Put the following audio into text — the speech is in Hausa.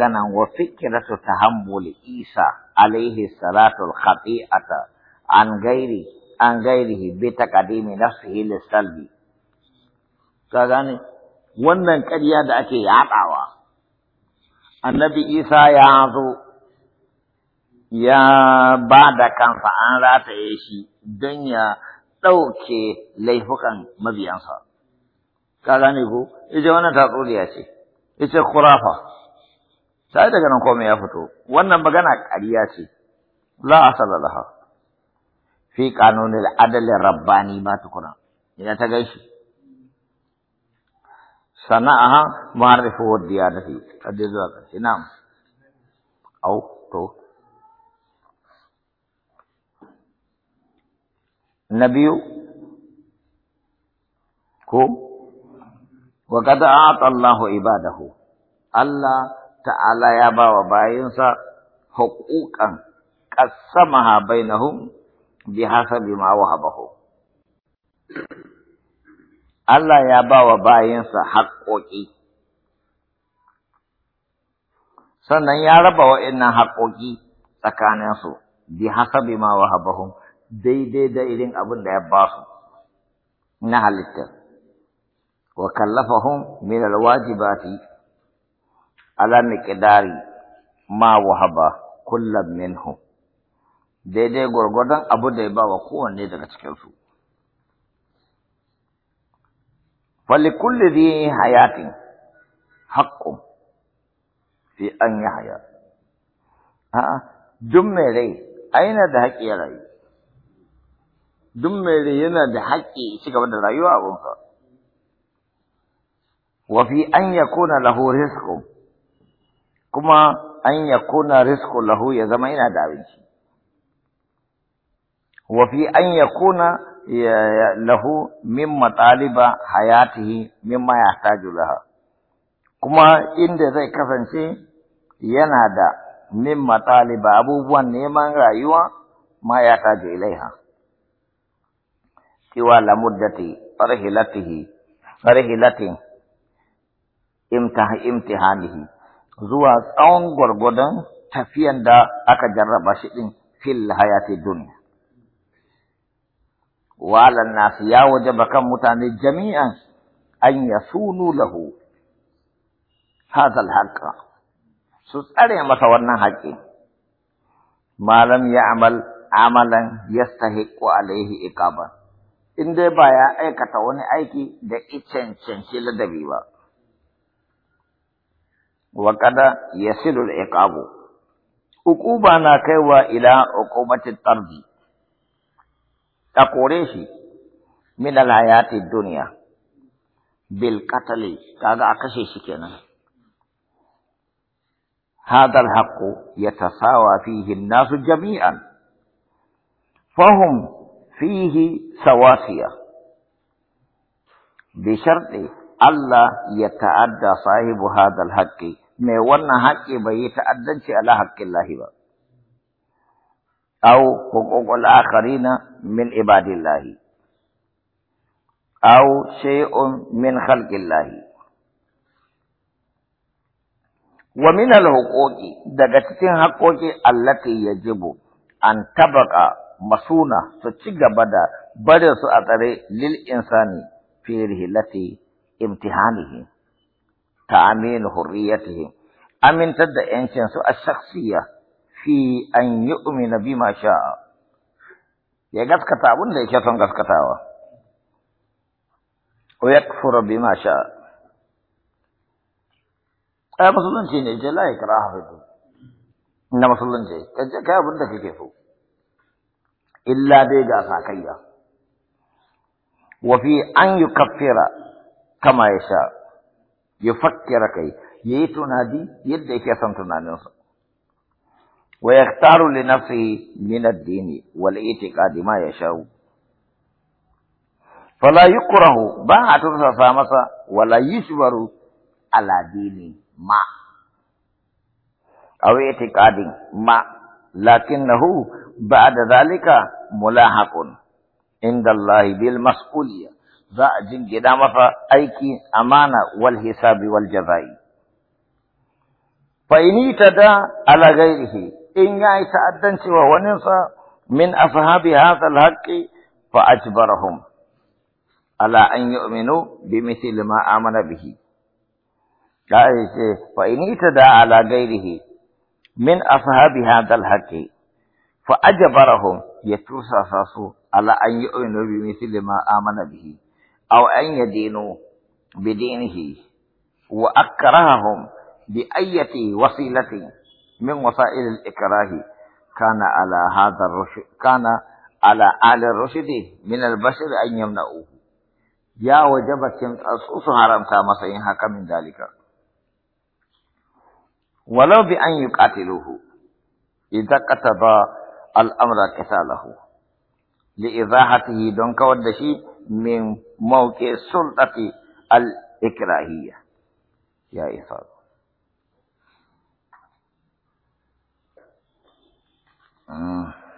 maganan wa fikratu tahammul Isa alaihi salatu al-khati'ata an gairi an gairihi bi taqdimi nafsihi lis-salbi ka gane wannan ƙarya da ake yaɗawa annabi Isa ya zo ya ba da kansa an rataye shi don ya ɗauke laifukan mabiyansa ka gane ko ita wannan tatsuriya ce ita kurafa sai daga nan komai ya fito wannan magana ƙarya ce la asala laha fi qanunil adl rabbani ma tukuna ina ta gaishe sana'aha ma'rifu wa diyanati hadda zuwa ƙarshe na'am au to na biyu ko wa qad a'ata Allahu ibadahu Allah ta'ala ya ba wa bayinsa haƙuƙan ha bainahum bi hasabi ma wahabahu Allah ya ba wa bayinsa haƙoƙi sannan ya raba wa'annan haƙoƙi tsakaninsu bi hasabi ma habahu, daidai da irin abin da ya ba su na halitta wa kallafahum min alwajibati ala miqdari ma wahaba kullum minhu daidai gwargwadon abu da ya bawa kowanne daga cikinsu falikulli zai hayatin haƙƙun fi an yi haya a'a duk mai rai aina da haƙƙi ya rayu duk mai rai yana da haƙƙi ci gaba da rayuwa a gunsa wa fi an yakuna lahu rizqun kuma an ya kuna risko lahu ya zama yana da abinci wafi an ya kuna lahu min matsaliba hayatihi min ma yahtaju laha kuma inda zai kasance yana da min matsaliba abubuwan neman rayuwa ma yahtaju ilaiha siwa la muddati rihilatihi rihilatin imtihanihi zuwa tsawon gwargwadon tafiyan da aka jarraba shi ɗin fil hayati duniya. Walan nasu ya waje bakan mutane jami'an an ya sunu lahu hazal haƙa, su tsare masa wannan haƙƙi. Malam ya amal amalan yastahiqu alaihi ikaba in dai ba ya aikata wani aiki da icen icencenci ladabi ba. wa kada yasilu al-iqabu uquba na kaiwa ila uqubati tardi a kore shi min al-hayati dunya bil qatli kaga a kashe shi kenan هذا الحق يتساوى فيه الناس جميعا فهم فيه سواسية بشرط Allah ya ta'adda sahibu hadal haƙƙi, mai wannan haƙƙi bai yi ta'addanci ala haƙƙin lahi ba. Au, hukukul akharina min ibadin lahi? Au, shay'un min lahi. Wa min al daga cikin haƙƙoƙi allati yajibu an tabaka masuna su ci gaba da barin su a tsare lil insani fi امتحانه تأمين حريته أمن تد إنسان الشخصية في أن يؤمن بما شاء يقصك تعبون ليش يتنقصك تعوى ويكفر بما شاء أنا أه، مسلم جينا لا يكره إنما مصلا جي شيء كابن بندك كيفه إلا ديجا ساكيا وفي أن يكفر كما يشاء يفكر كي يتون هذه يدي كيسان تنانيو ويختار لنفسه من الدين والإعتقاد ما يشاء فلا يكره با أترسى سامسا ولا يشبر على دين ما أو إعتقاد ما لكنه بعد ذلك ملاحق عند الله بالمسؤوليه za a jingina masa aiki amana wal hisabi wal jazai Faini tada ala ghairihi in yi ta'addanci wa waninsa min ashabi hadha al haqqi fa ajbarahum ala an yu'minu mithli ma amana bihi da ce fa in tada ala gairihi min ashabi hadha al haqqi fa ajbarahum ya tursasa su ala an yu'minu mithli ma amana bihi أو أن يدينوا بدينه وأكرههم بأية وسيلة من وسائل الإكراه كان على هذا الرشد كان على آل الرشد من البشر أن يمنعوه يا وجبت أسوس حرام كما سينهاك من ذلك ولو بأن يقاتلوه إذا كتب الأمر كساله لإضاحته دون كود شيء من موقع السلطة الإكراهية يا إفاض آه.